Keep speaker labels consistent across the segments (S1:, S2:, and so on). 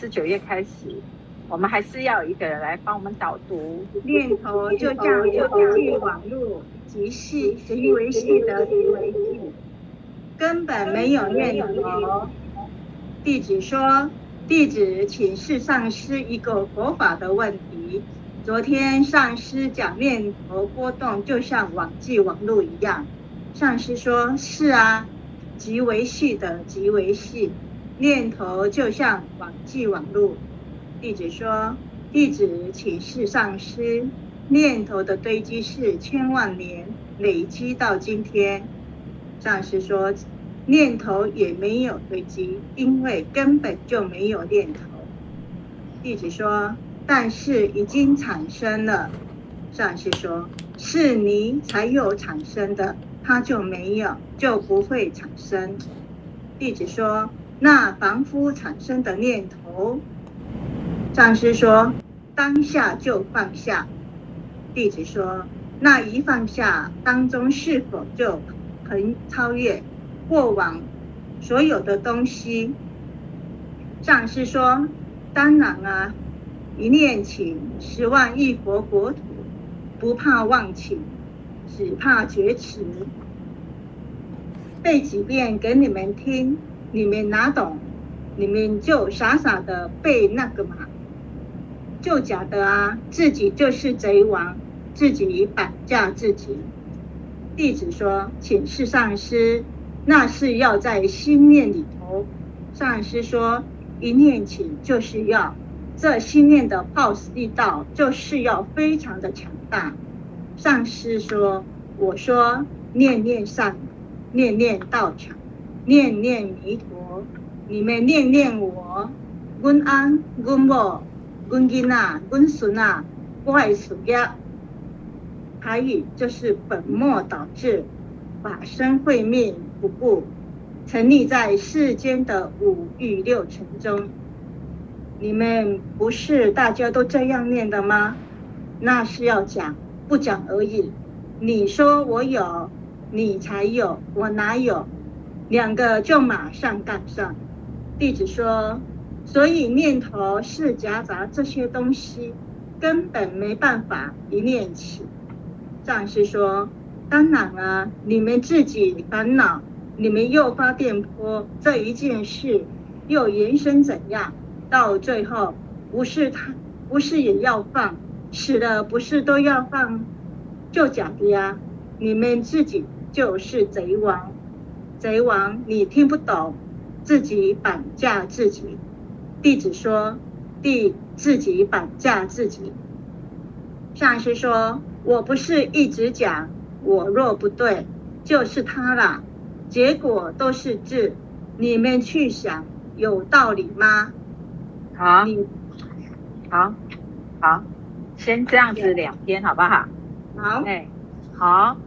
S1: 是九月開始，我們還是要一個人來幫我們導讀念頭就叫網絡網絡，就像就像網路，即系即為系的即為系，系，根本沒有念頭。弟子說，弟子請示上師一個佛法的問題，昨天上師講念頭波動就像網際網絡一樣，上師說是啊，即為系的即為系。念頭就像網際網絡。弟子說，弟子請示上師，念頭的堆積是千萬年累積到今天。上師說，念頭也沒有堆積，因為根本就沒有念頭。弟子說，但是已經產生了。上師說，是你才有產生的，它就沒有，就不會產生。弟子說，那凡夫產生的念頭，上師說，當下就放下。弟子說，那一放下當中是否就橫超越過往所有的東西？上師說當然啊，一念起，十萬億佛國土，不怕妄起，只怕覺遲。背幾遍給你們聽。你們哪懂？你們就傻傻的背那個嘛，就假的啊！自己就是賊王，自己綁架自己。弟子說：“請示上師。”那是要在心念裡頭。上師說：“一念起，就是要這心念的 boss 力道，就是要非常的強大。”上師說：“我說念念善，念念道強。”念念彌陀，你們念念我，阮安、阮某、阮吉娜、阮孫娜，外也呀。還有就是本末倒置，法身慧命不顧，沉溺在世間的五欲六塵中。你們不是大家都這樣念的嗎？那是要講不講而已。你說我有，你才有，我哪有？兩個就馬上趕上，弟子說：“所以念頭是夾雜這些東西，根本沒辦法一念起。”上師說：“當然了、啊，你們自己煩惱，你們又發電波這一件事，又延伸怎樣？到最後不是他，不是也要放死了不是都要放？就假的呀、啊！你們自己就是賊王。”賊王，你聽不懂，自己綁架自己。弟子說：“弟自己綁架自己。”上師說：“我不是一直講，我若不對，就是他了。結果都是字，你們去想，有道理嗎？”好，你，好，好，先這樣子兩邊，好不好？好
S2: ，Hey. 好。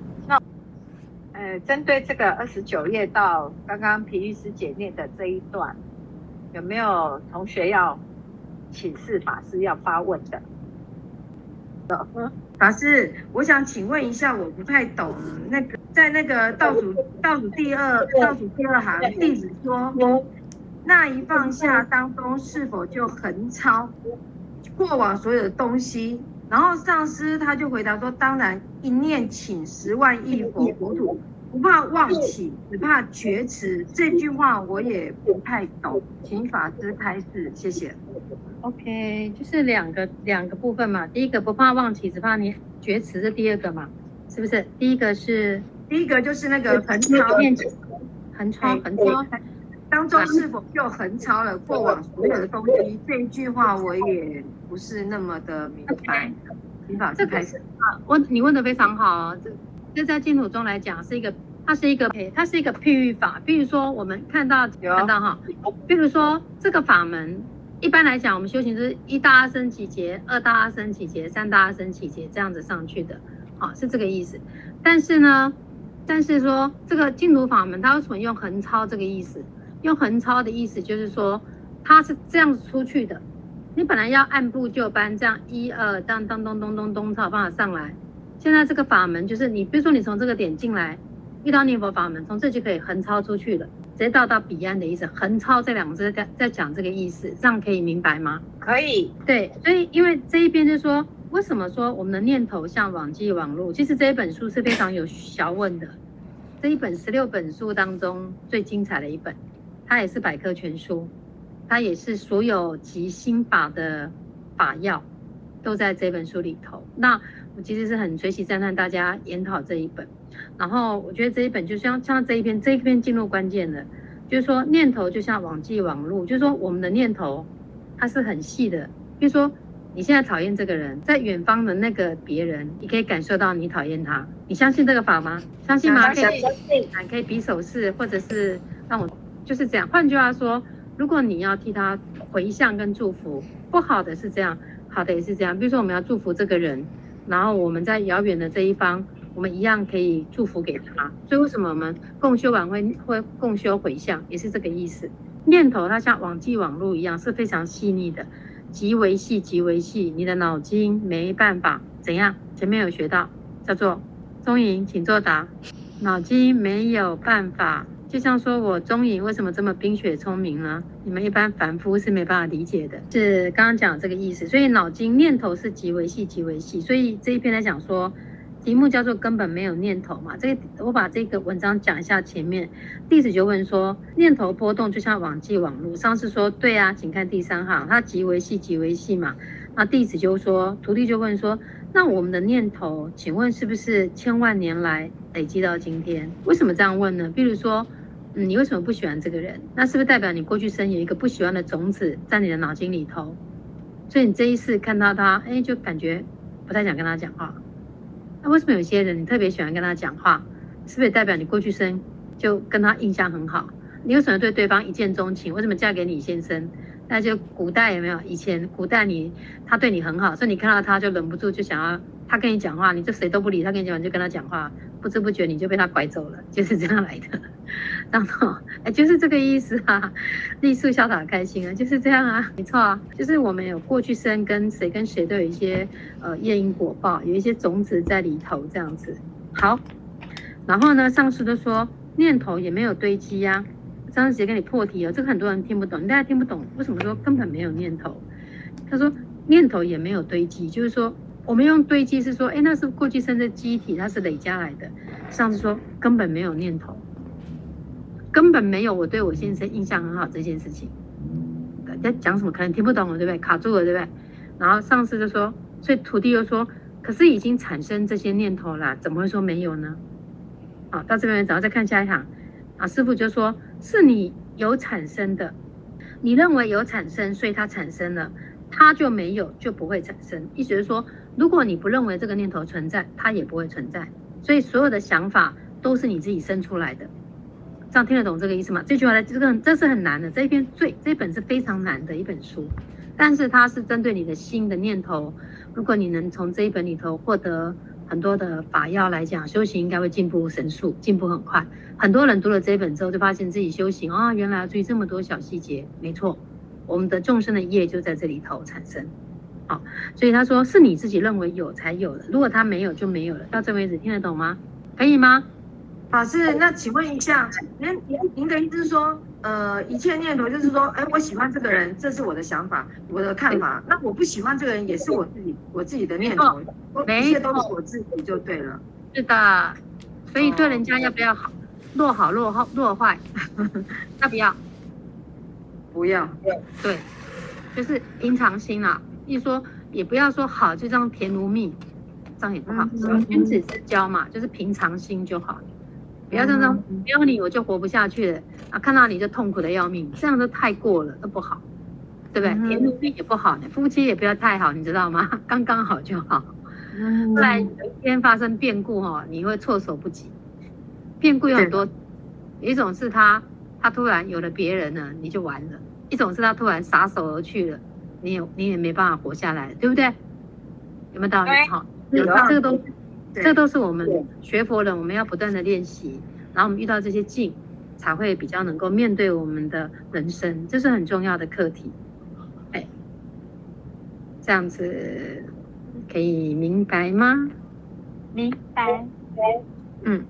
S2: 呃，針對這個二十九頁到剛剛皮玉師姐念的這一段，有沒有同學要請示法師要發問的？嗯，法師，我想請問一下，我不太懂那個在那個倒數倒數第二倒數第二行弟子說，那一放下當中是否就橫超過往所有的東西？然後上師他就回答說，當然一念起十萬億佛土。不怕妄起，只怕覺遲。這句話我也不太懂，請法師開示。謝謝。
S3: OK，就是兩個兩個部分嘛。第一個不怕妄起，只怕你覺遲，這第二個嘛，是不是？第一個是第一個就是那個橫超面積，橫、就是、
S2: 超橫超、哎哦，當中是否就橫超了過往所有的東西？這一句話我也不是那麼的明白。Okay, 請法師開示。啊，問你
S3: 問的非常好，哎、這。這在淨土中來講是一個，它是一個譬，它是一個譬喻法。比如說，我們看到看到哈，比如說這個法門，一般來講，我們修行是一大阿僧祇劫，二大阿僧祇劫，三大阿僧祇劫這樣子上去的，好，是這個意思。但是呢，但是說這個淨土法門，它為什麼用橫超這個意思？用橫超的意思就是說，它是這樣子出去的。你本來要按部就班，這樣一二，這樣咚咚咚咚咚咚，才有辦法上來。現在這個法門就是你，比如說你從這個點進來，遇到念佛法門，從這就可以橫超出去了，直接到達彼岸的意思。橫超這兩個字在在講這個意思，這樣可以明白嗎？可以。對，所以因為這一邊就是說，為什麼說我們的念頭像網際網路，其實這一本書是非常有學問的，這一本十六本書當中最精彩的一本，它也是百科全書，它也是所有極心法的法要都在這本書裡頭。那我其實是很隨喜讚嘆大家研討這一本，然後我覺得這一本就像像這一篇，這一篇進入關鍵的，就是說念頭就像網際網路，就是說我們的念頭它是很細的。比如說你現在討厭這個人，在遠方的那個別人，你可以感受到你討厭他，你相信這個法嗎？相信嗎？可以、啊，可以比手勢，或者是讓我就是這樣。換句話說，如果你要替他回向跟祝福，不好的是這樣，好的也是這樣。比如說我們要祝福這個人。然後我們在遙遠的這一方，我們一樣可以祝福給他。所以為什麼我們共修晚會會共修回向，也是這個意思。念頭它像網際網絡一樣，是非常細膩的，極為細，極為細。你的腦筋沒辦法怎樣？前面有學到叫做中陰，請作答。腦筋沒有辦法。就像說我中隱為什麼這麼冰雪聰明呢？你們一般凡夫是沒辦法理解的，是剛剛講的這個意思。所以腦筋念頭是極為細、極為細。所以這一篇來講說，題目叫做“根本沒有念頭”嘛。這我把這個文章講一下。前面弟子就問說：“念頭波動就像網際網路。”上次說對啊，請看第三行，它極為細、極為細嘛。那弟子就說，徒弟就問說：“那我們的念頭，請問是不是千萬年來累積到今天？為什麼這樣問呢？比如說。”嗯，你為什麼不喜歡這個人？那是不是代表你過去生有一個不喜歡的種子在你的腦筋裡頭？所以你這一次看到他，哎、欸，就感覺不太想跟他講話。那為什麼有些人你特別喜歡跟他講話？是不是代表你過去生就跟他印象很好？你為什麼對對方一見鍾情？為什麼嫁給你先生？那就古代有沒有，以前古代你，他對你很好，所以你看到他就忍不住就想要他跟你講話，你就誰都不理他跟你講話，你就跟他講話。不知不覺你就被他拐走了，就是這樣來的。然後，哎，就是這個意思啊。立樹笑得開心啊，就是這樣啊，沒錯啊，就是我們有過去生跟誰跟誰都有一些呃業因果報，有一些種子在裡頭，這樣子。好，然後呢，上師就說念頭也沒有堆積呀、啊。上師也給你破題了，這個很多人聽不懂，大家聽不懂為什麼說根本沒有念頭？他說念頭也沒有堆積，就是說。我們用堆積是說，誒，那是過去生的機體，它是累加來的。上次說根本沒有念頭，根本沒有我對我先生印象很好這件事情。在講什麼？可能聽不懂了，對不對？卡住了，對不對？然後上次就說，所以徒弟又說，可是已經產生這些念頭啦，怎麼會說沒有呢？好，到這邊然後再看下一行，啊，師父就說，是你有產生的，你認為有產生，所以它產生了，它就沒有就不會產生，意思是說。如果你不認為這個念頭存在，它也不會存在。所以所有的想法都是你自己生出來的，這樣聽得懂這個意思嗎？這句話呢，這個這是很難的。這一篇最，這一本是非常難的一本書，但是它是針對你的心的念頭。如果你能從這一本裡頭獲得很多的法藥來講，修行應該會進步神速，進步很快。很多人讀了這一本之後，就發現自己修行啊、哦，原來要注意這麼多小細節。沒錯，我們的眾生的業就在這裡頭產生。所以他說是你自己認為有才有的，如果他沒有就沒有了。到這為止聽得懂嗎？可以嗎？老師、啊，那請問一下，您您您
S2: 的意思是說，呃，一切念頭就是說，哎、欸，我喜歡這個人，這是我的想法，我的看法。對那我不喜歡這個人也是我自己我自己的念頭，每、哦、一個都是我自己
S3: 就對了。是的，所以對人家要不要好，落好落好落壞，要 不要？
S2: 不要，對，
S3: 就是平常心啊。一說也不要說好，就這樣甜如蜜，這樣也不好。君子之交嘛，就是平常心就好，嗯、不要這樣說，沒有、嗯、你我就活不下去了啊！看到你就痛苦的要命，這樣都太過了，都不好，對不對？甜如、嗯、蜜也不好，夫妻也不要太好，你知道嗎？剛剛好就好，不然有一天發生變故哦，你會措手不及。變故有很多，嗯、一種是他他突然有了別人呢了、嗯了別人呢，你就完了；一種是他突然撒手而去了。你也你也沒辦法活下來，對不對？有沒有道理？哈對，哦啊、這個
S2: 都
S3: 對這個都是我們學佛人，對我們要不斷的練習，對然後我們遇到這些境，才會比較能夠面對我們的人生，這是很重要的課題。哎，這樣子可以明白嗎？明白。嗯，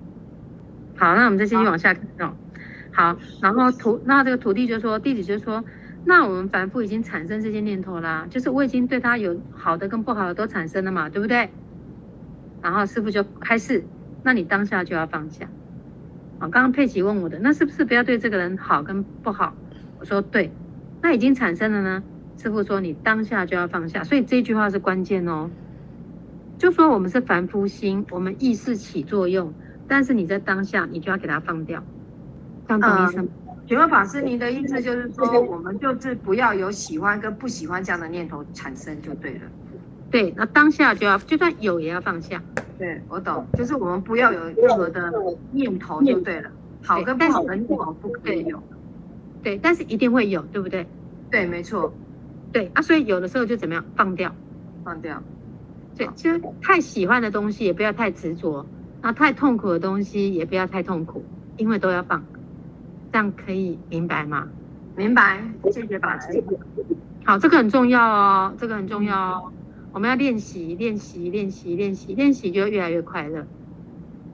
S3: 好，那我們再繼續往下看哦。好，好，然後徒那這個徒弟就說，弟子就說。那我們凡夫已經產生這些念頭啦、啊，就是我已經對他有好的跟不好的都產生了嘛，對不對？然後師父就開示，那你當下就要放下。啊、哦，剛剛佩奇問我的，那是不是不要對這個人好跟不好？我說對，那已經產生了呢。師父說，你當下就要放下，所以這句話是關鍵哦。就說我們是凡夫心，我們意識起作用，但是你在當下你就要給他放掉，
S1: 放掉一
S3: 生。嗯請問法師，
S2: 您的意思就是說，我們就是不要有喜歡跟不喜歡這樣的念頭產生就對了。
S3: 對，那當下就要，就算有也要放下。
S2: 對，我懂，就是我們不要有任何的念頭就對了，好跟不好的念頭不
S3: 可以有。對，對，對，但是一定會有，對不對？對，沒錯。對啊，所以有的時候就怎麼樣，放掉。放掉。對，其實太喜歡的東西也不要太執着，那好太痛苦的東西也不要太痛苦，因為都要放。這樣可以明白嗎？明白，謝謝把情好，這個很重要哦，這個很重要哦。我們要練習，練習，練習，練習，練習，就越來越快樂。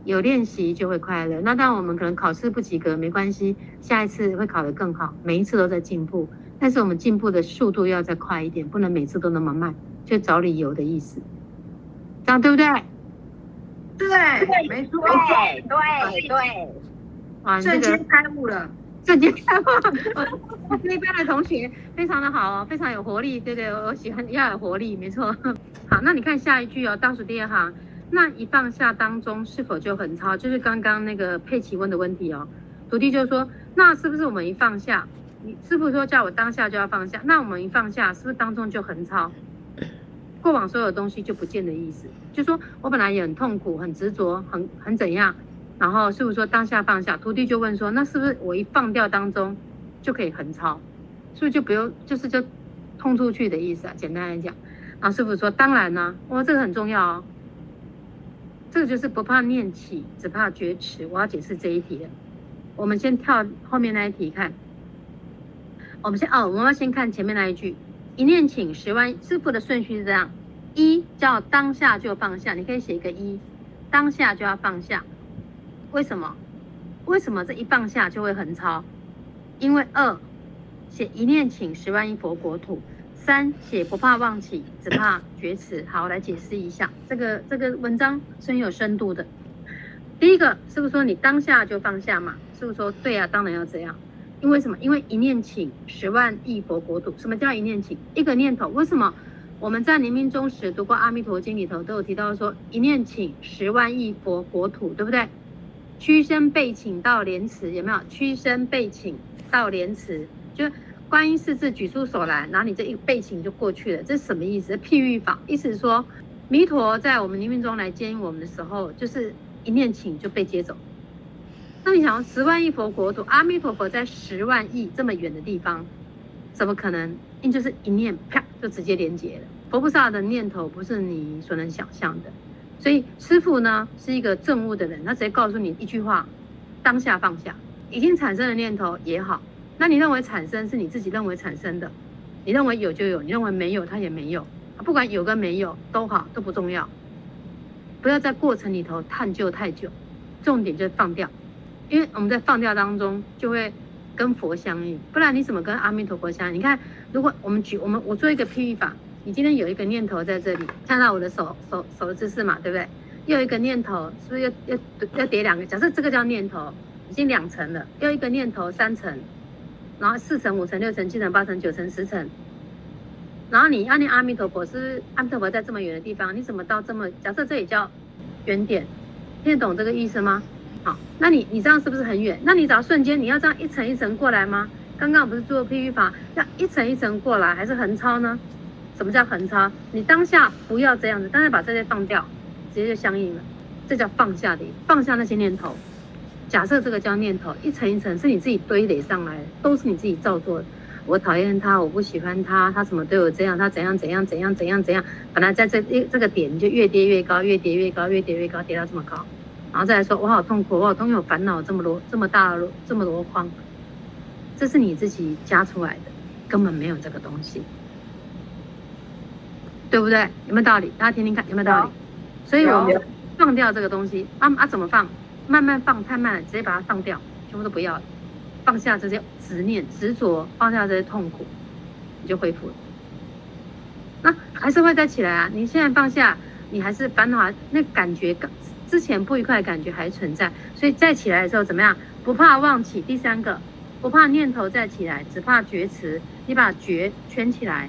S3: 有練習就會快樂。那當然我們可能考試不及格，沒關係，下一次會考得更好。每一次都在進步，但是我們進步的速度要再快一點，不能每次都那麼慢，就找理由的意思。這樣對不對？對，
S2: 對沒錯錯，對對對。
S3: 瞬間、這個、開悟了，瞬間開悟。我那邊的同學非常的好哦，非常有活力，對對，對，我喜歡要有活力，沒錯。好，那你看下一句哦，倒數第二行，那一放下當中是否就橫超？就是剛剛那個佩奇問的問題哦，徒弟就說，那是不是我們一放下，你師傅說叫我當下就要放下，那我們一放下，是不是當中就橫超？過往所有東西就不見的意思，就說我本來也很痛苦，很執着，很很怎樣。然後師傅說：“當下放下。”徒弟就問說：“那是不是我一放掉當中，就可以橫超？是不是就不用，就是就通出去的意思啊？”簡單來講，然後師傅說：“當然呢、啊，我這個很重要哦。這個就是不怕念起，只怕覺遲。我要解釋這一題了，我們先跳後面那一題看。我們先哦，我們要先看前面那一句：一念起十萬。師傅的順序是這樣：一叫當下就放下，你可以寫一個一，當下就要放下。”為什麼？為什麼這一放下就會橫超？因為二寫一念起十萬億佛國土，三寫不怕妄起，只怕覺遲。好，我來解釋一下這個這個文章，很有深度的。第一個是不是說你當下就放下嘛？是不是說對啊？當然要這樣。因為什麼？因為一念起十萬億佛國土。什麼叫一念起？一個念頭。為什麼我們在臨命終時讀過《阿彌陀經》裡頭都有提到說一念起十萬億佛國土，對不對？屈伸臂頃到蓮池有沒有？屈伸臂頃到蓮池，就觀音勢至舉出手來，然後你這一臂頃就過去了，這是什麼意思？譬喻法，意思是說，彌陀在我們臨命終來接引我們的時候，就是一念頃就被接走。那你想，要十萬億佛國土，阿彌陀佛在十萬億這麼遠的地方，怎麼可能？因為就是一念啪就直接連接了。佛菩薩的念頭不是你所能想象的。所以，師父呢是一個證悟的人，他直接告訴你一句話：當下放下，已經產生的念頭也好，那你認為產生是你自己認為產生的，你認為有就有，你認為沒有它也沒有，不管有跟沒有都好，都不重要。不要在過程裡頭探究太久，重點就是放掉，因為我們在放掉當中就會跟佛相應，不然你怎麼跟阿彌陀佛相應？你看，如果我們舉我們我做一個譬喻法。你今天有一個念頭在這裡，看到我的手手手的姿勢嘛，對不對？又一個念頭，是不是要要要疊兩個？假設這個叫念頭，已經兩層了，又一個念頭三層，然後四層、五層、六層、七層、八層、九層、十層，然後你要念、啊、阿彌陀佛，是不是阿彌陀佛在這麼遠的地方？你怎麼到這麼？假設這也叫遠點，聽得懂這個意思嗎？好，那你你這樣是不是很遠？那你只要瞬間，你要這樣一層一層過來嗎？剛剛我不是做譬喻法，要一層一層過來還是橫超呢？什麼叫橫超？你當下不要這樣子，當下把這些放掉，直接就相應了，這叫放下的放下那些念頭。假設這個叫念頭，一層一層是你自己堆壘上來的，都是你自己造作。我討厭他，我不喜歡他，他怎麼對我這樣，他怎樣怎樣怎樣怎樣怎樣，本來在這一這個點，就越跌越高，越跌越高，越跌越高，跌到這麼高，然後再來說我好痛苦，我好痛苦，我煩惱這麼多，這麼大這麼多筐，這是你自己加出來的，根本沒有這個東西。對不對？有沒有道理？大家聽聽看，有沒有道理？好所以我們放掉這個東西，好啊啊怎麼放？慢慢放，太慢了，直接把它放掉，全部都不要了。放下這些執念、執着，放下這些痛苦，你就恢復了。那還是會再起來啊？你現在放下，你還是煩惱，那感覺，之前不愉快的感覺還存在，所以再起來的時候怎麼樣？不怕妄起，第三個，不怕念頭再起來，只怕覺遲。你把覺圈起來。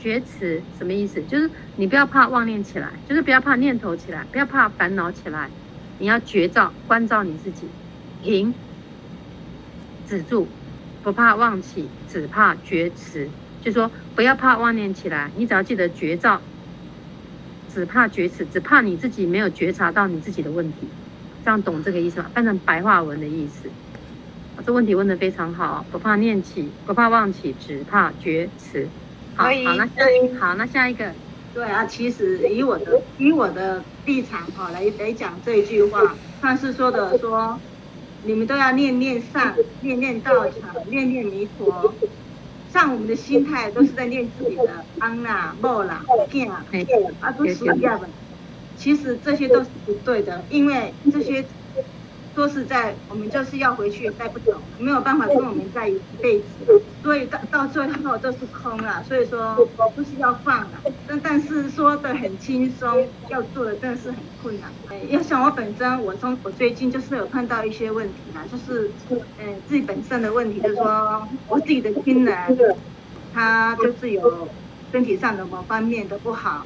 S3: 覺遲什麼意思？就是你不要怕妄念起來，就是不要怕念頭起來，不要怕煩惱起來。你要覺照關照你自己，停，止住，不怕妄起，只怕覺遲。就是、說不要怕妄念起來，你只要記得覺照，只怕覺遲，只怕你自己沒有覺察到你自己的問題。這樣懂這個意思嗎？翻成白話文的意思。這問題問得非常好，不怕念起，不怕妄起，只怕覺遲。
S1: 好，那下好，那下一個。一個對啊，其實以我的以我的立場哈、哦、來來講這一句話，他是說的說，你們都要念念善，念念道場，念念彌陀，像我們的心態都是在念自己的安啦、莫啦、驚啊，啊都是一樣的，其實這些都是不對的，因為這些。說實在我們就是要回去也帶不走，沒有辦法跟我們在一輩子，所以到到最後都是空了，所以說就是要放了。但但是說的很輕鬆，要做的真的真是很困難。要、哎、像我本身，我中，我最近就是有碰到一些問題嘛，就是嗯、哎、自己本身的問題，就是說我自己的親人，他就是有身體上的某方面的不好。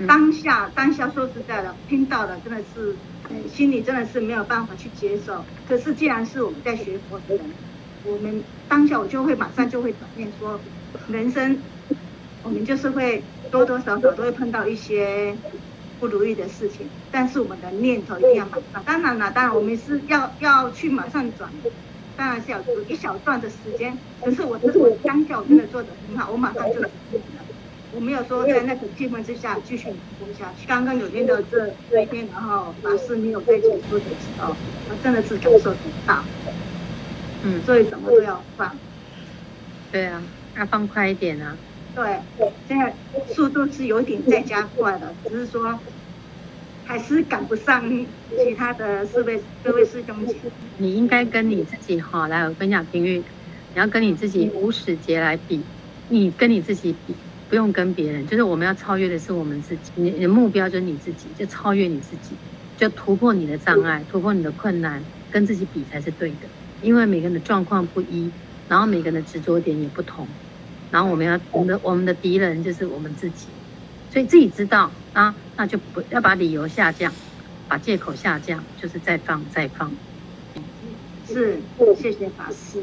S1: 嗯、當下，當下說實在的，聽到的真的是、嗯，心裡真的是沒有辦法去接受。可是既然是我們在學佛的人，我們當下我就會馬上就會轉念，說人生我們就是會多多少少都會碰到一些不如意的事情，但是我們的念頭一定要馬上。當然了，當然我們是要要去馬上轉，當然是要有一小段的時間。可是我真我當下我真的做的很好，我馬上就。我沒有說在那個氣氛之下繼續努一下。剛剛有聽到這這一天，然後老師沒有再解說的時候，
S3: 我真的是感受不到。嗯，所以怎麼都要放。對啊，要放快一點啊！對，
S1: 現在速度是有點在加快了，只是說還是趕不上其他的四位各位師兄
S3: 姐。你應該跟你自己好、哦，來我跟你講，冰玉，你要跟你自己無始劫來比，你跟你自己比。不用跟別人，就是我們要超越的是我們自己。你，你的目標就是你自己，就超越你自己，就突破你的障礙，突破你的困難，跟自己比才是對的。因為每個人的狀況不一，然後每個人的執着點也不同，然後我們要，我們的，我們的敵人就是我們自己，所以自己知道啊，那就不要把理由下降，把借口下降，就是再放，再放。是，謝謝法師，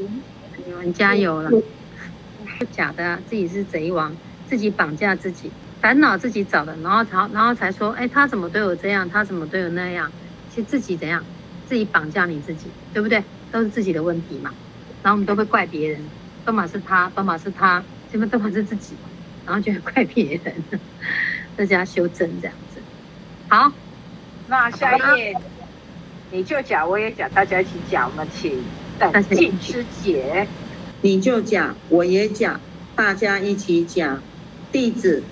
S3: 哎、你
S2: 們加油了。是、
S3: 嗯、假的，自己是賊王。自己綁架自己，煩惱自己找的，然後才然後才說，哎，他怎麼對我這樣？他怎麼對我那樣？其實自己怎樣？自己綁架你自己，對不對？都是自己的問題嘛。然後我們都會怪別人，都嘛是他，都嘛是他，這實都嘛是自己，然後就會怪別人，在家修正這樣子。
S2: 好，那下一頁，吧你
S1: 就講，我也講，大家一起講。我們請靜師姐， 你就講，我也講，大家一起講。弟子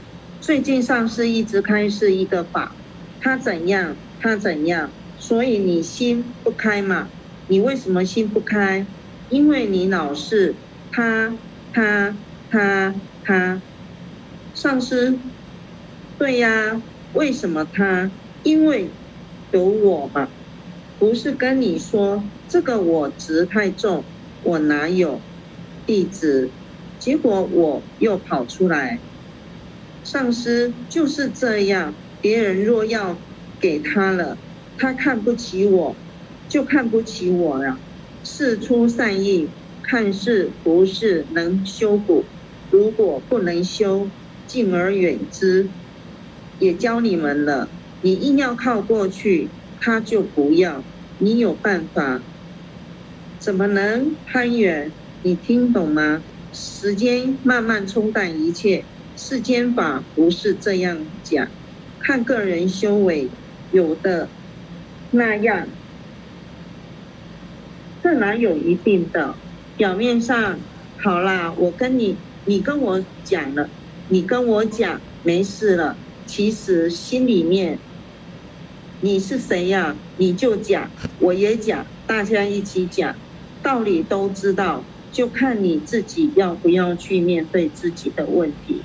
S1: 最近上師一直開示一個法，他怎樣？他怎樣？所以你心不開嘛？你為什麼心不開？因為你老是他他他他上師，對呀、啊？為什麼他？因為有我嘛？不是跟你說這個我執太重，我哪有弟子？結果我又跑出來。上師就是這樣，別人若要給他了，他看不起我，就看不起我了。事出善意，看是不是能修補。如果不能修，敬而遠之。也教你們了，你硬要靠過去，他就不要。你有辦法，怎麼能攀緣？你聽懂嗎？時間慢慢沖淡一切。世間法不是這樣講，看個人修為，有的那樣，這哪有一定的？表面上好啦，我跟你，你跟我講了，你跟我講沒事了，其實心裡面，你是誰呀、啊？你就講，我也講，大家一起講，道理都知道，就看你自己要不要去面對自己的問題。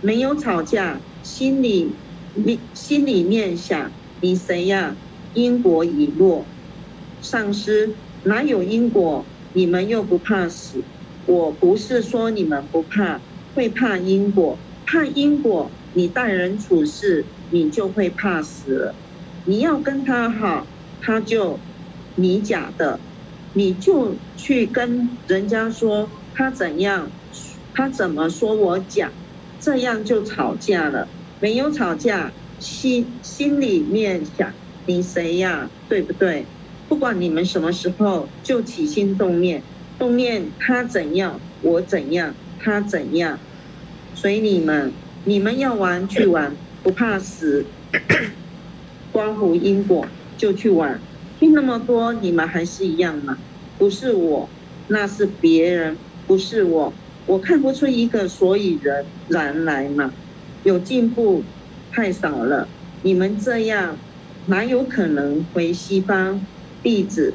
S1: 沒有吵架，心裡，你心裡面想，你誰呀、啊？因果已落，上司哪有因果？你們又不怕死？我不是說你們不怕，會怕因果。怕因果，你待人處事，你就會怕死了。你要跟他好，他就你假的，你就去跟人家說他怎樣，他怎麼說我假。這樣就吵架了，沒有吵架，心心裡面想你誰呀、啊，對不對？不管你們什麼時候就起心動念，動念他怎樣，我怎樣，他怎樣，隨你們你們要玩去玩，不怕死， 關乎因果就去玩，聽那麼多你們還是一樣嘛。不是我，那是別人，不是我。我看不出一個所以然來嘛，有進步太少了。你們這樣哪有可能回西方？弟子，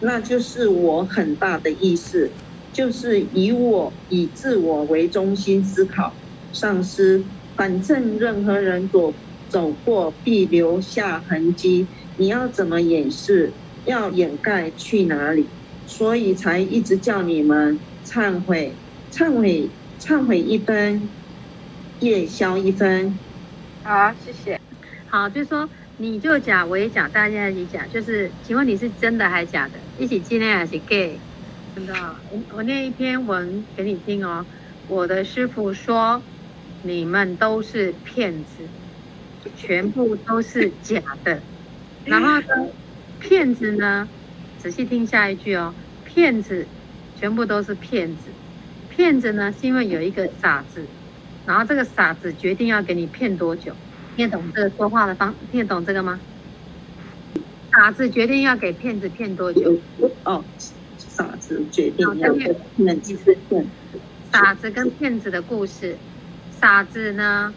S1: 那就是我很大的意思，就是以我以自我為中心思考。上師，反正任何人走走過必留下痕跡，你要怎麼掩飾？要掩蓋去哪裡？所以才一直叫你們懺悔。懺悔，懺悔一分；業消一分。
S3: 好，謝謝。好，就說你就假，我也假，大家一起假。就是，請問你是真的還是假的？一起進來還是 gay？真的，我我念一篇文給你聽哦。我的師父說，你們都是騙子，全部都是假的。
S2: 然後
S3: 呢，騙子呢？仔細聽下一句哦，騙子全部都是騙子。騙子呢，是因為有一個傻子，然後這個傻子決定要給你騙多久，你懂這個說話的方，你懂這個嗎？傻子決定要給騙子騙多久？
S1: 哦，傻子決定
S3: 要騙一次騙。哦，傻子跟騙子的故事，傻子呢，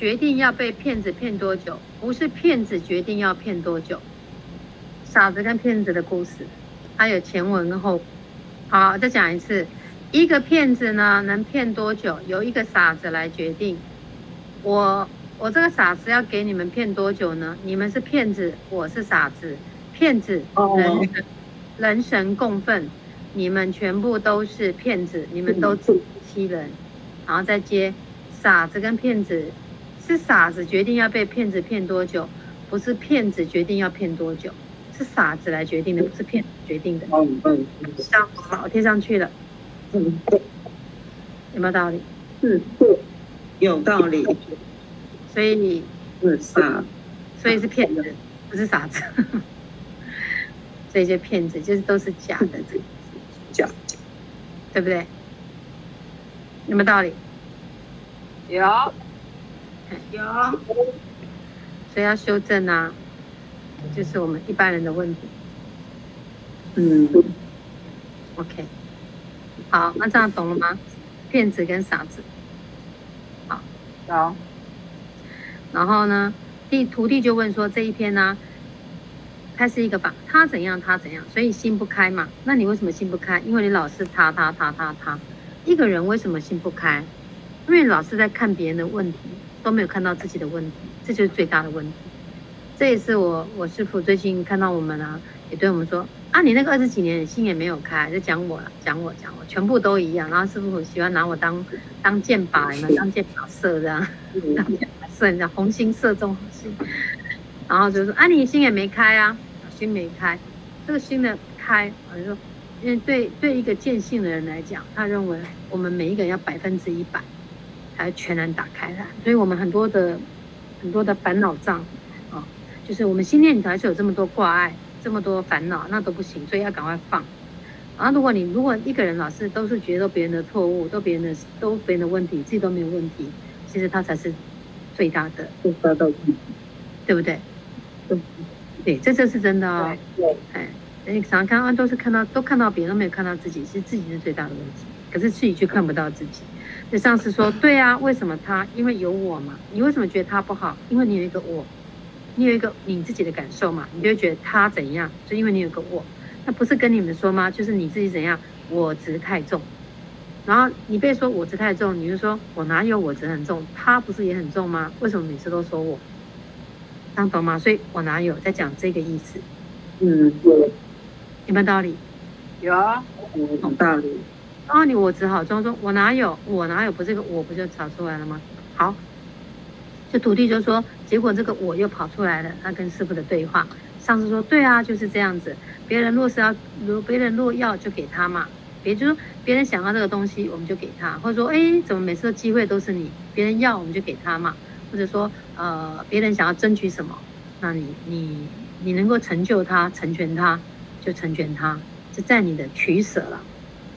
S3: 決定要被騙子騙多久，不是騙子決定要騙多久。傻子跟騙子的故事，它有前文跟後文。好，再講一次。一個騙子呢，能騙多久，由一個傻子來決定。我我這個傻子要給你們騙多久呢？你們是騙子，我是傻子，騙子人、Oh. 人神共憤，你們全部都是騙子，你們都是欺人。Oh. 然後再接，傻子跟騙子是傻子決定要被騙子騙多久，不是騙子決定要騙多久，是傻子來決定的，不是騙子決定的。Oh. Oh. Oh. 上好，貼上去了。有沒有道理？嗯，
S1: 有道理。所以你是傻，所以
S3: 是騙子，啊、不是傻子。 這些騙子就是都是假的，假，假對不對？有沒有道理？有
S2: ，Okay. 有。
S3: 所以要修正呢、啊，就是我們一般人的問題。嗯，OK。好，那這樣懂了嗎？騙子跟傻子。好，好。Oh. 然後呢，弟徒弟就問說，這一篇呢、啊，他是一個吧，他怎樣他怎樣，所以心不開嘛？那你為什麼心不開？因為你老是他他他他他。一個人為什麼心不開？因為老是在看別人的問題，都沒有看到自己的問題，這就是最大的問題。這也是我我師父最近看到我們啊，也對我們說。啊，你那個二十幾年你心也沒有開，就講我啦，講我，講我，全部都一樣。然後師傅喜歡拿我當當箭靶，你當箭靶射這樣，當箭靶射，你知道紅心射中紅心。然後就說，啊，你心也沒開啊，心沒開，這個心的開，我就說，因為對對一個見性的人來講，他認為我們每一個人要百分之一百才全然打開它。所以我們很多的很多的煩惱障啊、哦，就是我們心念裡頭還是有這麼多掛礙。這麼多煩惱，那都不行，所以要趕快放。然後，如果你如果一個人老是都是覺得別人的錯誤，都別人的都別人的問題，自己都沒有問題，其實他才是最大的最大的問
S1: 題，
S3: 對不對？對，對，這這是真的哦。對，哎，你常常看，都是看到都看到別人都沒有看到自己，其實自己是最大的問題，可是自己卻看不到自己。那上次說，對啊，為什麼他？因為有我嘛。你為什麼覺得他不好？因為你有一個我。你有一個你自己的感受嘛？你就會覺得他怎樣，就因為你有個我，那不是跟你們說嗎？就是你自己怎樣，我執太重。然後你被說我執太重，你就說我哪有我執很重，他不是也很重嗎？為什麼每次都說我？這樣懂嗎？所以我哪有在講這個意思？嗯，有有沒有道理？
S1: 有啊，懂道理。
S3: 然後你我只好裝作我哪有我哪有不這個我不就查出來了嗎？好，這徒弟就說。結果這個我又跑出來了，他跟師父的對話，上次說：對啊，就是這樣子。別人若是要，如別人若要就給他嘛，別，就是說別人想要這個東西，我們就給他，或者說，哎，怎麼每次的機會都是你？別人要我們就給他嘛，或者說，呃，別人想要爭取什麼，那你你你能夠成就他，成全他，就成全他，就在你的取舍了。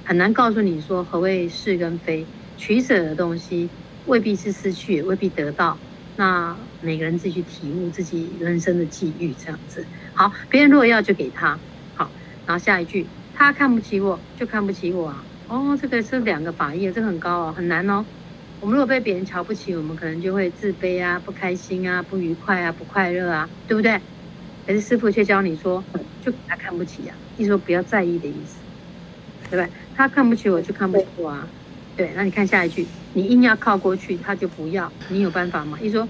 S3: 很難告訴你說何謂是跟非，取舍的東西未必是失去，未必得到。那每個人自己去體悟自己人生的際遇，這樣子好。別人如果要就給他好。然後下一句，他看不起我，就看不起我啊。哦，這個是兩個法義，這個很高哦，很難哦。我們如果被別人瞧不起，我們可能就會自卑啊、不開心啊、不愉快啊、不快樂啊，對不對？可是師父卻教你說，就給他看不起呀啊，意思說不要在意的意思，對不對？他看不起我，就看不起我啊。對，那你看下一句，你硬要靠過去，他就不要，你有辦法嗎？意思說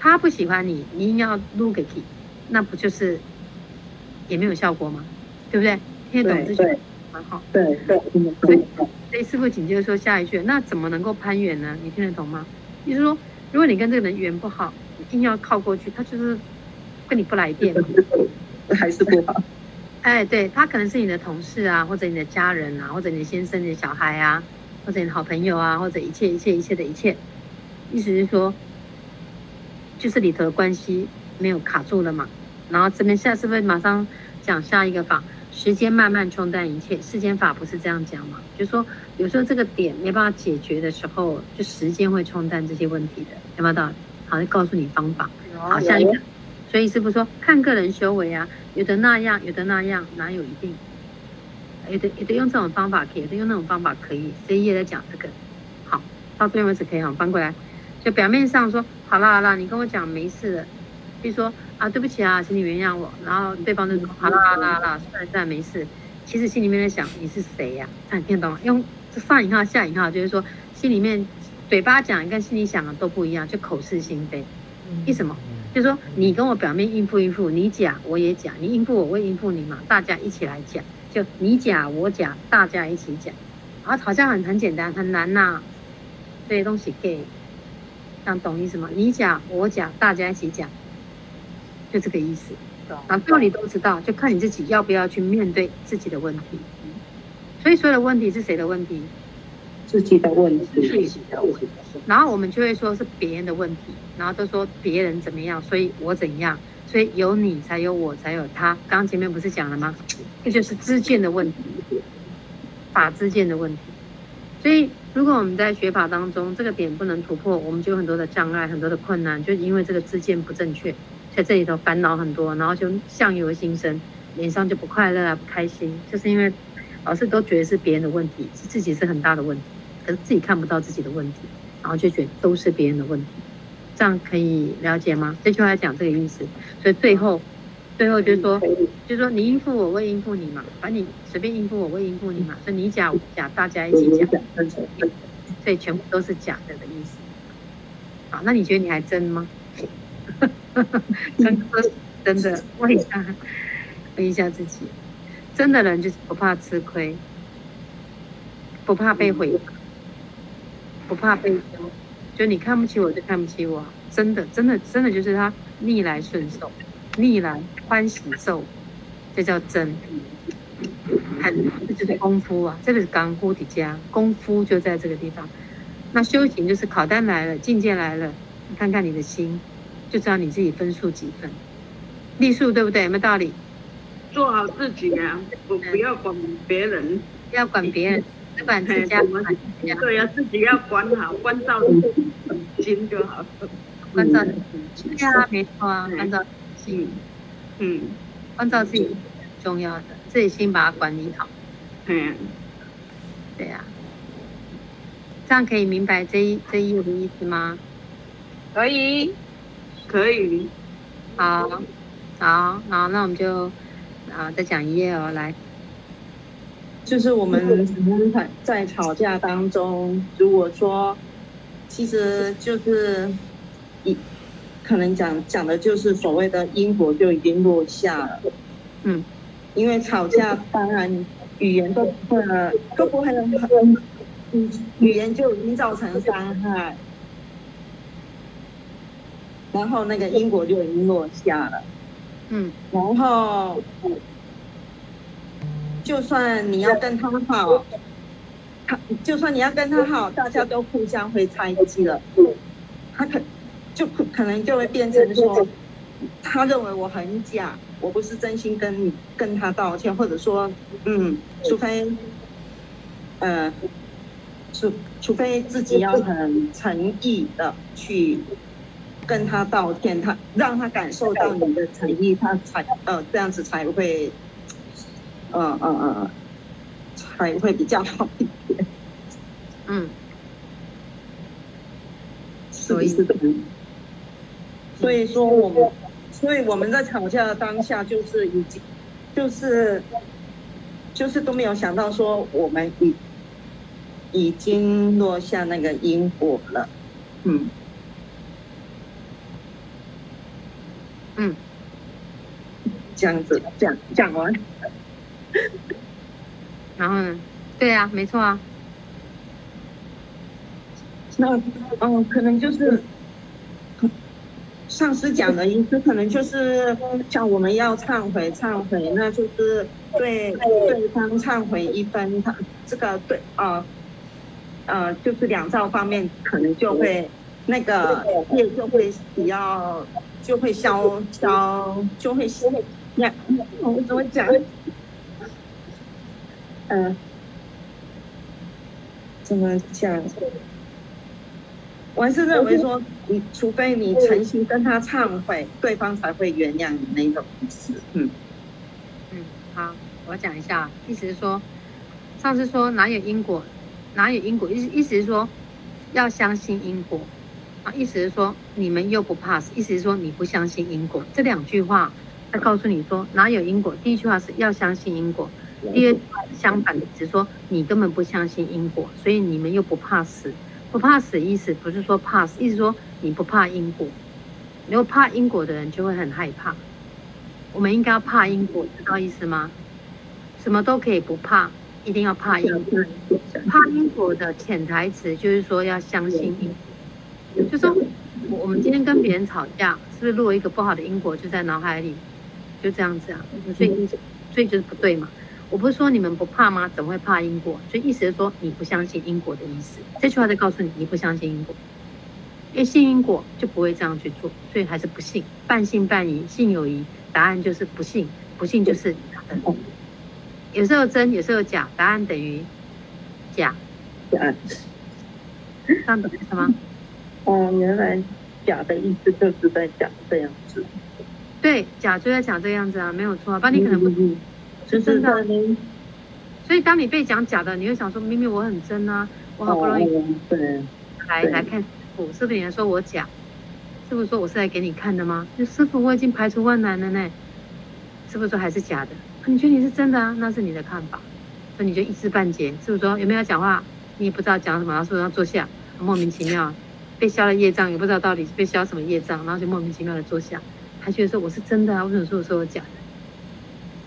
S3: 他不喜歡你，你硬要擼個 K，那不就是也沒有效果嗎？對不對？聽得懂這句蠻好。對
S2: 對。所
S3: 以，所以師傅緊接着說下一句，那怎麼能夠攀緣呢？你聽得懂嗎？意思說，如果你跟這個人緣不好，你硬要靠過去，他就是跟你不來電嘛，還是
S1: 不
S3: 好。哎，對他可能是你的同事啊，或者你的家人啊，或者你的先生、你的小孩啊。或者你的好朋友啊，或者一切一切一切的一切，意思是說，就是裡頭的關係沒有卡住了嘛。然後這邊下是不是馬上講下一個法？時間慢慢沖淡一切，世間法不是這樣講嗎？就是說有時候這個點沒辦法解決的時候，就時間會沖淡這些問題的，有沒有道理？好，再告訴你方法。哦、好下一個，哦、所以師傅說看個人修為啊，有的那樣，有的那樣，有的那樣哪有一定。也得也得用這種方法可以，也得用那種方法可以。所以也在講這個，好到這邊為止可以哈，翻過來。就表面上說好啦好啦，你跟我講沒事了，比如說啊，對不起啊，請你原諒我。然後對方就說好啦啦啦，算了算了，沒事。其實心裡面在想，你是誰呀、啊？看、啊、聽懂嗎？用上引號下引號就是說，心裡面嘴巴講跟心裡想的都不一樣，就口是心非。嗯。為什麼？就是說你跟我表面應付應付，你講我也講，你應付我，我應付你嘛，大家一起來講。就你講，我講，大家一起講，啊，好像很很簡單，很難吶。這些東西給，想懂意思嗎？你講，我講，大家一起講，就這個意思。然後道理都知道，就看你自己要不要去面對自己的問題。所以所有的問題是誰的問題？自己的問題。
S1: 自己的問
S3: 題。然後我們就會說是別人的問題，然後都說別人怎麼樣，所以我怎樣。所以有你才有我才有他，剛剛前面不是講了嗎？這就是知見的問題，法知見的問題。所以如果我們在學法當中這個點不能突破，我們就有很多的障礙，很多的困難，就因為這個知見不正確，在這裡頭煩惱很多，然後就相由心生，臉上就不快樂啊，不開心，就是因為老是都覺得是別人的問題，是自己是很大的問題，可是自己看不到自己的問題，然後就覺得都是別人的問題。這樣可以了解嗎？這句話要講這個意思，所以最後，最後就是說，就是說你應付我，我也應付你嘛，反正你隨便應付我，我也應付你嘛，所以你假我假，大家一起假，所以全部都是假的的意思。好，那你覺得你還真嗎？ 真的真的問一下，問一下自己，真的人就是不怕吃虧，不怕被毀，不怕被。就你看不起我，就看不起我、啊，真的，真的，真的，就是他逆來順受，逆來歡喜受，這叫真，很、嗯，這就是功夫啊，這個是剛固的家功夫就在這個地方。那修行就是考單來了，境界來了，你看看你的心，就知道你自己分數幾分，力數對不對？有沒有道理？
S1: 做好自己啊，我不要管別人，嗯、
S3: 不要管別人。不管自家、欸，對呀，啊，自己要管好，關照自己心就好，關照自己。對啊，嗯，沒錯啊，關照自己，嗯，關照自己重要的，自己先把它管理好。嗯，
S2: 對
S3: 呀，啊，這樣可以明白這一這一頁的意思嗎？
S2: 可以，可以。
S3: 好，好，好，那我們就啊再講一頁哦，喔，來。
S1: 就是我們在吵架當中，如果說，其實就是一，可能講講的就是所謂的因果就已經落下了，嗯，因為吵架，當然語言都不會，都不會能語語言就已經造成傷害，然後那個因果就已經落下了，嗯，然後。就算你要跟他好，他就算你要跟他好，大家都互相會猜忌了。他可就可能就會變成說，他認為我很假，我不是真心跟你跟他道歉，或者說，嗯，除非，嗯、呃，除除非自己要很誠意的去跟他道歉，他讓他感受到你的誠意，他才呃這樣子才會。嗯嗯嗯嗯，才會比較好一點。嗯，所以，所以說我們，所以我們在吵架的當下就是已經，就是，就是都沒有想到說我們已已經落下那個因果了。嗯，嗯，這樣子，講講完。然後呢？對啊，沒錯啊。
S3: 那
S1: 哦，可能就是上司講的意思，可能就是像我們要懺悔，懺悔，那就是對對，對方懺悔一分，他這個對啊、呃，呃，就是兩造方面可能就會對那個業就會比較就會消消就會消，那對、yeah, 我怎麼講？嗯，怎麼講？我還是認為說，是你除非你誠心跟他懺悔，對方才會原諒
S3: 你那種意思。嗯嗯，好，我講一下，意思是說，上次說哪有因果，哪有因果，意意思是說要相信因果啊，意思是說你們又不怕死，意思是說你不相信因果，這兩句話在告訴你說哪有因果。第一句話是要相信因果。第二，相反，只是說你根本不相信因果，所以你們又不怕死。不怕死意思不是說怕死，意思說你不怕因果。有怕因果的人就會很害怕。我們應該要怕因果，知道意思嗎？什麼都可以不怕，一定要怕因果。怕因果的潛台詞就是說要相信因果。就說，我我們今天跟別人吵架，是不是落一個不好的因果就在腦海裡？就這樣子啊，所以，所以就是不對嘛。我不是說你們不怕嗎？怎麼會怕因果？所以意思是說你不相信因果的意思。這句話在告訴你，你不相信因果。因為信因果就不會這樣去做，所以還是不信，半信半疑，信有疑。答案就是不信，不信就是。嗯、有時候有真，有時候有假。答案等於假。假樣等是什麼？哦、啊，原來假的意思就是在講這樣子。對，假就在講這樣子啊，沒有錯。啊，不然你可能不。嗯嗯嗯是真的、啊，所以當你被講假的，你會想說：“明明我很真啊，我好不容易來來看師傅，是不是你還說我假。是不是說我是來給你看的嗎？師傅，我已經排除萬難了呢、欸。是不是說還是假的。你覺得你是真的啊？那是你的看法，所以你就一知半解。是不是說有沒有講話？你也不知道講什麼。然後說要坐下，莫名其妙被消了業障，也不知道到底是被消什麼業障，然後就莫名其妙的坐下，還覺得說我是真的啊？為什麼說我說我假？”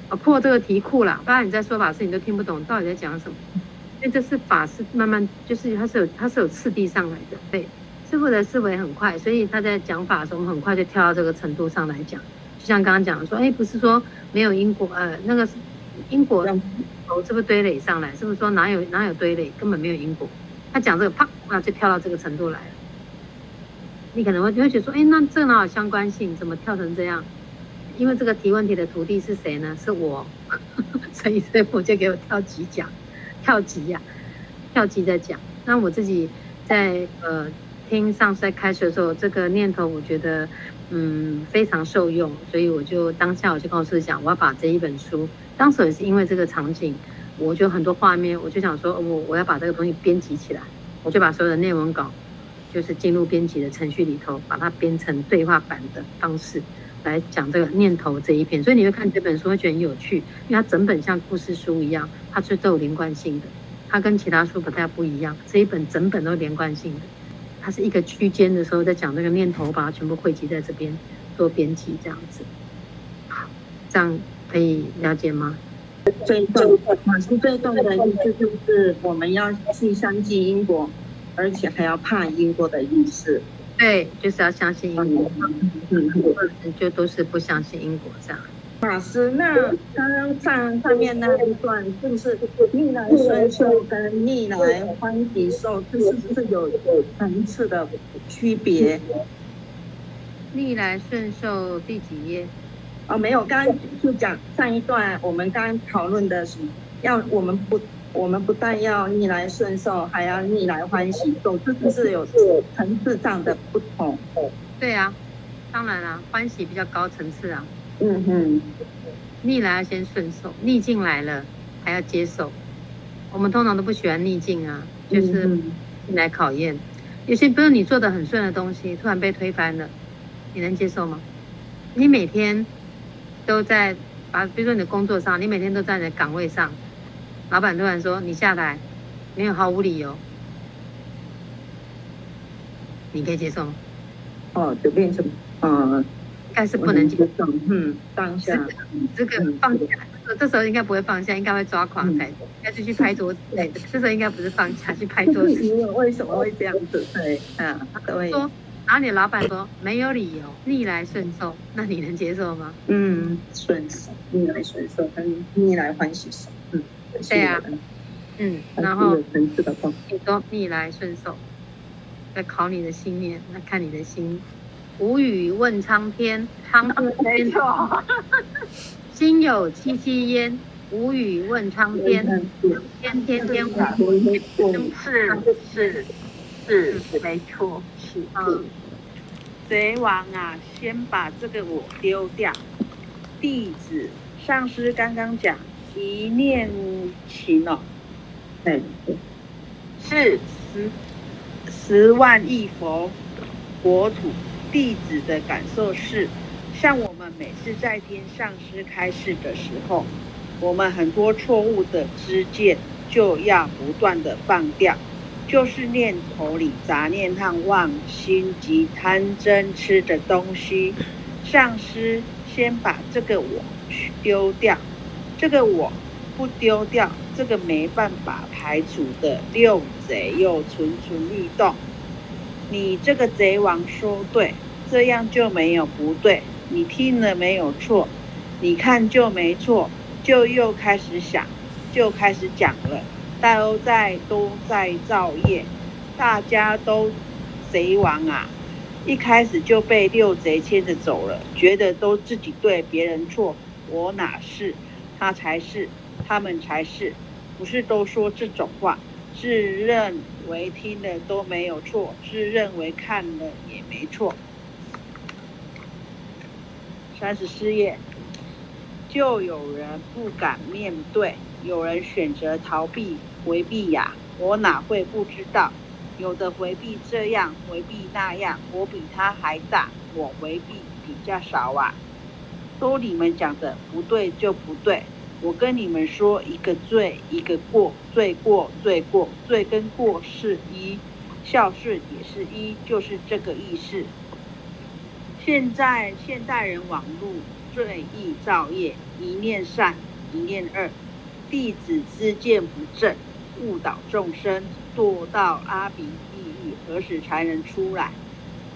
S3: 啊，破這個題庫啦，不然你在說法時你都聽不懂到底在講什麼。因為這是法是慢慢，就是它是有它是有次第上來的，對。師傅的思維很快，所以他在講法的時候很快就跳到這個程度上來講。就像剛剛講的說，哎、欸，不是說沒有因果，呃，那個因果的哦，這個堆壘上來？是不是說哪有哪有堆壘，根本沒有因果？他講這個啪，那就跳到這個程度來了。你可能會會覺得說，哎、欸，那這哪有相關性？怎麼跳成這樣？因為這個提問題的徒弟是誰呢？是我，所以所以我就給我跳級講，跳級呀、啊，跳級在講。那我自己在呃聽上次在開始的時候，這個念頭我覺得嗯非常受用，所以我就當下我就告訴講，我要把這一本書。當時也是因為這個場景，我就很多畫面，我就想說我、呃、我要把這個東西編輯起來，我就把所有的內容稿，就是進入編輯的程序裡頭，把它編成對話版的方式。來講這個念頭這一篇，所以你會看這本書會覺得很有趣，因為它整本像故事書一樣，它是都有連貫性的，它跟其他書不太不一樣。這一本整本都是連貫性的，它是一個區間的時候在講這個念頭，把它全部匯集在這邊做編輯這樣子，
S1: 好，這樣可以了解嗎？最重啊，是
S2: 最重
S1: 的，的就是我們要去相信因果，而且還要怕因果的
S3: 意思。對，就是要相信因果，嗯嗯、就都是不相信因
S1: 果這樣。老師，那剛剛上上面那一段，是、就、不是逆來順受跟逆來歡喜受，這、就是不、就是有層次的區別？逆來順受第幾頁？哦，沒有，剛剛就講上一段，我們剛剛討論的是要我們不。我們不但要逆來順受，還要
S3: 逆來歡喜，總之就是有層次上的不同。對啊，當然啦、啊，歡喜比較高層次啊。嗯哼，逆來要先順受，逆境來了還要接受。我們通常都不喜歡逆境啊，就是你來考驗。嗯哼，有些比如你做的很順的東西，突然被推翻了，你能接受嗎？你每天都在，比如說你的工作上，你每天都在你的崗位上。老闆突然說：“你下來沒有毫無理由，你可以接受嗎？”哦，就變成……哦，但是不能接受。嗯，放下，這個放下，這時候應該不會放下，應該會抓狂才對。應該是去拍桌子。對，這時候應該不是放下，去拍桌子。為什麼為什麼會這樣子？對，嗯。他說，然後你老闆說：“沒有理由，逆來順受。”那你能接受嗎？嗯，順受，逆來順
S1: 受，跟逆來歡喜受
S3: 對啊，嗯，然後
S1: 你
S3: 都逆來順受，再考你的信念，那看你的心。無語問蒼天，蒼天，沒錯。心有戚戚焉，無語問蒼天，
S1: 天天天火，胸次是是沒錯，是。賊王啊，先把這個我丟掉。弟子，上師剛剛講。一念起哦，哎，是十十萬億佛國土。弟子的感受是，像我們每次在聽上師開示的時候，我們很多錯誤的知見就要不斷的放掉，就是念頭裡雜念、貪妄心及貪嗔痴的東西，上師先把這個我去丟掉。這個我不丟掉，這個沒辦法排除的六賊又蠢蠢欲動。你這個賊王說對，這樣就沒有不對，你聽了沒有錯，你看就沒錯，就又開始想，就開始講了，大家都在都在造業，大家都賊王啊，一開始就被六賊牽着走了，覺得都自己對，別人錯，我哪是？他才是，他們才是，不是都說這種話？自認為聽的都沒有錯，自認為看的也沒錯。三十四頁，就有人不敢面對，有人選擇逃避，回避呀、啊。我哪會不知道？有的回避這樣，回避那樣。我比他還大，我回避比較少啊。都你們講的不對就不對。我跟你們說，一個罪，一個過，罪過罪過，罪跟過是一，孝順也是一，就是這個意思。現在現代人網絡罪易造業，一念善，一念惡，弟子知見不正，誤導眾生墮到阿鼻地獄，何時才能出來？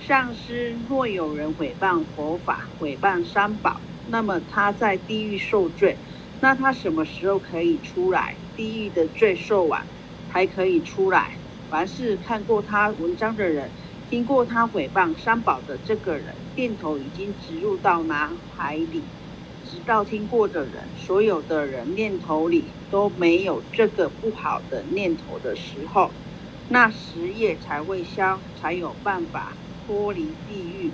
S1: 上師若有人毀謗佛法，毀謗三寶，那麼他在地獄受罪。那他什麼時候可以出來？地獄的罪受完，才可以出來。凡是看過他文章的人，聽過他誹謗三寶的這個人，念頭已經植入到腦海裡。直到聽過的人，所有的人念頭裡都沒有這個不好的念頭的時候，那十業才會消，才有辦法脫離地獄。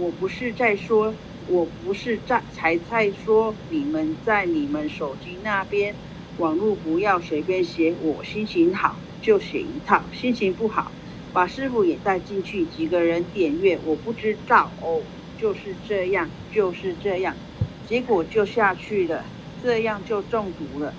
S1: 我不是在說。我不是在才在說，你們在你們手機那邊，網絡不要隨便寫。我心情好就寫一套，心情不好，把師傅也帶進去，幾個人點閱，我不知道哦，就是這樣，就是這樣，結果就下去了，這樣就中毒了，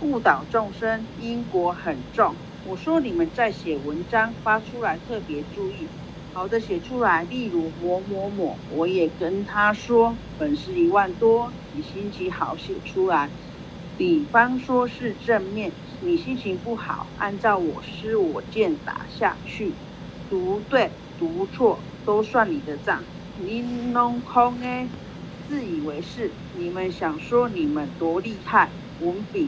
S1: 誤導眾生，因果很重。我說你們在寫文章發出來，特別注意。好的，寫出來。例如，某某某，我也跟他說，本是一萬多，你心情好寫出來。比方說是正面，你心情不好，按照我師我見打下去。讀對讀錯都算你的賬。你弄空的，自以為是。你們想說你們多厲害，文筆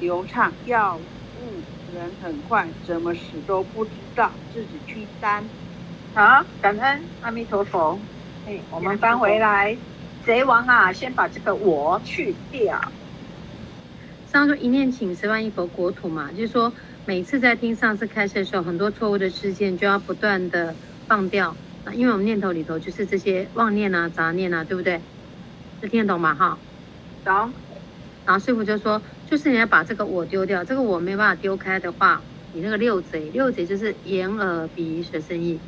S1: 流暢，要誤人很快，怎麼死都不知道，自己去擔。好，感恩阿彌陀佛。哎嘿，我們翻回來，賊王啊，先把這個我
S3: 去掉。上說一念起十萬億佛國土嘛，就是說每次在聽上次開示的時候，很多錯誤的事件就要不斷的放掉。那、啊、因為我們念頭裡頭就是這些妄念啊、雜念啊，對不對？這聽得懂嗎？哈，懂好。然後師傅就說，就是你要把這個我丟掉，這個我沒有辦法丟開的話，你那個六賊，六賊就是眼、耳、鼻、舌、身、意。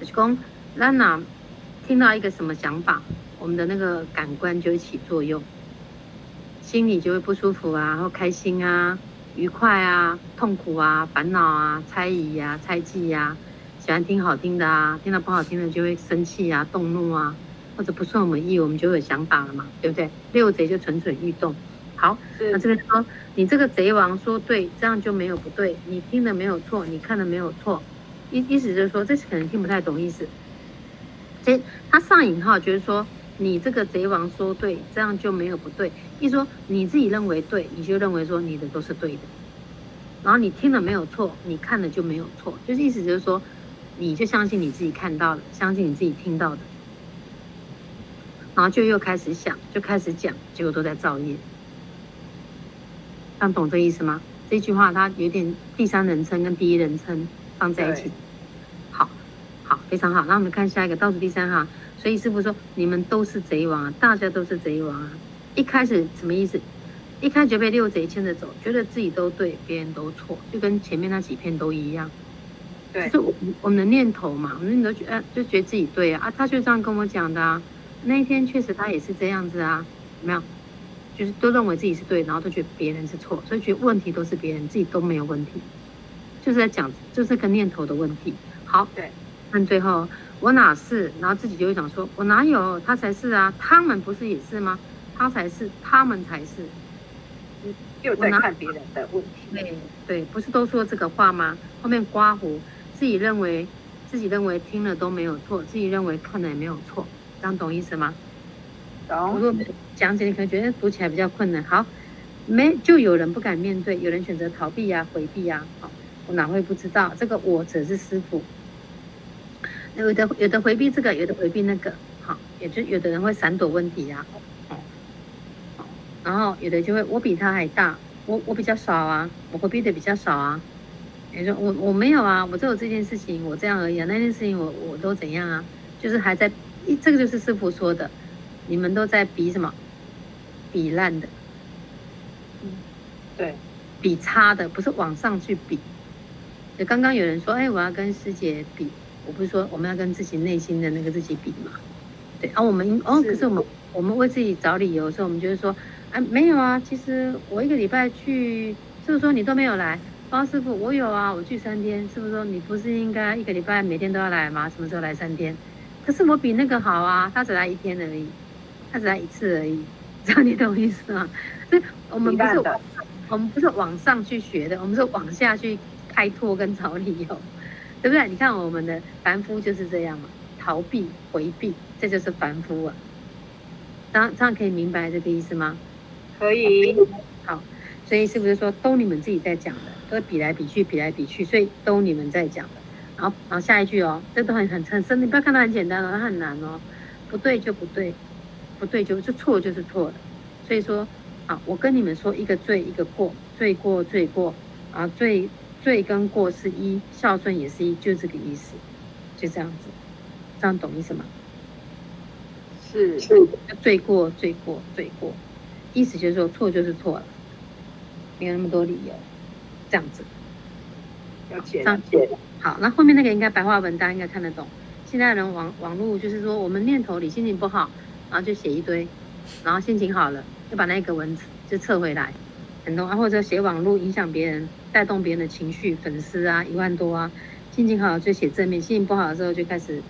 S3: 就是講，哪聽到一個什麼想法，我們的那個感官就會起作用，心裡就會不舒服啊，然後開心啊、愉快啊、痛苦啊、煩惱啊、猜疑呀、啊、猜忌呀、啊，喜歡聽好聽的啊，聽到不好聽的就會生氣啊、動怒啊，或者不順我們意，我們就有想法了嘛，對不對？六賊就蠢蠢欲動。好，是那這邊說，你這個賊王說對，這樣就沒有不對，你聽的沒有錯，你看的沒有錯。意意思就是說，這次可能聽不太懂意思。這他上引號，就是說你這個賊王說對，這樣就沒有不對。意思說你自己認為對，你就認為說你的都是對的，然後你聽了沒有錯，你看了就沒有錯。就是意思就是說，你就相信你自己看到了，相信你自己聽到的，然後就又開始想，就開始講，結果都在造業。讓懂這意思嗎？這句話他有點第三人稱跟第一人稱。放在一起，對好，好，非常好。那我們看下一個倒數第三哈。所以師父說，你們都是賊王啊，大家都是賊王啊。一開始什麼意思？一開始就被六賊牽着走，覺得自己都對，別人都錯，就跟前面那幾篇都一樣。對，就是我們我們的念頭嘛，我們都覺得、呃、就覺得自己對啊，啊，他就這樣跟我講的啊。那一天確實他也是這樣子啊，怎麼樣？就是都認為自己是對，然後都覺得別人是錯，所以覺得問題都是別人，自己都沒有問題。就是在講，就是這個念頭的問題。好，對，看最後我哪是，然後自己就會想說，我哪有？他才是啊。他們不是也是嗎？他才是，他們才是。
S2: 就在看別人
S3: 的問題。我哪，對，對，對，不是都說這個話嗎？後面刮胡，自己認為，自己認為聽了都沒有錯，自己認為看了也沒有錯，這樣懂意思嗎？
S2: 懂。如
S3: 果講解，你可能覺得讀起來比較困難。好，沒就有人不敢面對，有人選擇逃避呀、啊、回避呀、啊，好。我哪會不知道這個？我只是師傅。有的有的回避這個，有的回避那個，好，也就有的人會閃躲問題啊，好，然後有的就會我比他還大，我我比較少啊，我回避的比較少啊，也就我我沒有啊，我只有這件事情，我這樣而已啊，那件事情我我都怎樣啊？就是還在，這個就是師傅說的，你們都在比什麼？比爛的，對，比差的，不是往上去比。就剛剛有人說，哎，我要跟師姐比，我不是說我們要跟自己內心的那個自己比嘛？對啊，我們哦，可是我們是我們為自己找理由的時候，所以我們就是說，哎，沒有啊，其實我一個禮拜去，是不是說你都沒有來？包師傅，我有啊，我去三天，是不是說你不是應該一個禮拜每天都要來嗎？什麼時候來三天？可是我比那個好啊，他只來一天而已，他只來一次而已，這樣你懂意思嗎？所以我們不是我們不是，我們不是往上去學的，我們是往下去。開拓跟找理由，對不對？你看我們的凡夫就是這樣嘛，啊，逃避、迴避，這就是凡夫啊。這樣這樣可以明白這個意思嗎？可以、哦。好，所以是不是說都你們自己在講的，都比來比去，比來比去，所以都你們在講的。然後，然後下一句哦，這都很很很深，你不要看它很簡單哦，它很難哦。不對就不對，不對就就錯就是錯。所以說，好，我跟你們說，一個罪一個過，罪過罪過啊，罪。罪跟過是一，孝順也是一，就這個意思，就這樣子，這樣懂意思嗎？是是，罪過罪過罪過，意思就是說錯就是錯了，沒有那麼多理由，這樣子，
S2: 要寫
S3: 上。好，那後，後面那個應該白話文大家應該看得懂。現在的人網網絡就是說，我們念頭裡心情不好，然後就寫一堆，然後心情好了就把那個文字就撤回來。很多啊，或者寫網絡影響別人，帶動別人的情緒，粉絲啊一萬多啊，心情好就寫正面，心情不好的時候就開始，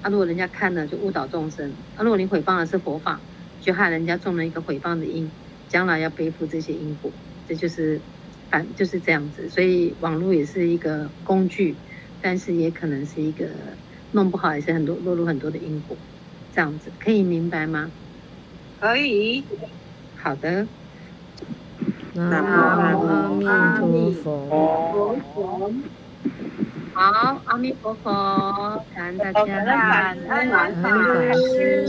S3: 啊，如果人家看了就誤導眾生，啊，如果你毀謗的是佛法，就害人家種了一個毀謗的因，將來要背負這些因果，這就是反就是這樣子，所以網絡也是一個工具，但是也可能是一個弄不好也是很多落入很多的因果，這樣子可以明白嗎？
S1: 可以，
S3: 好的。南無阿彌陀
S1: 佛。好，阿彌陀佛，感恩大家的轉發支持。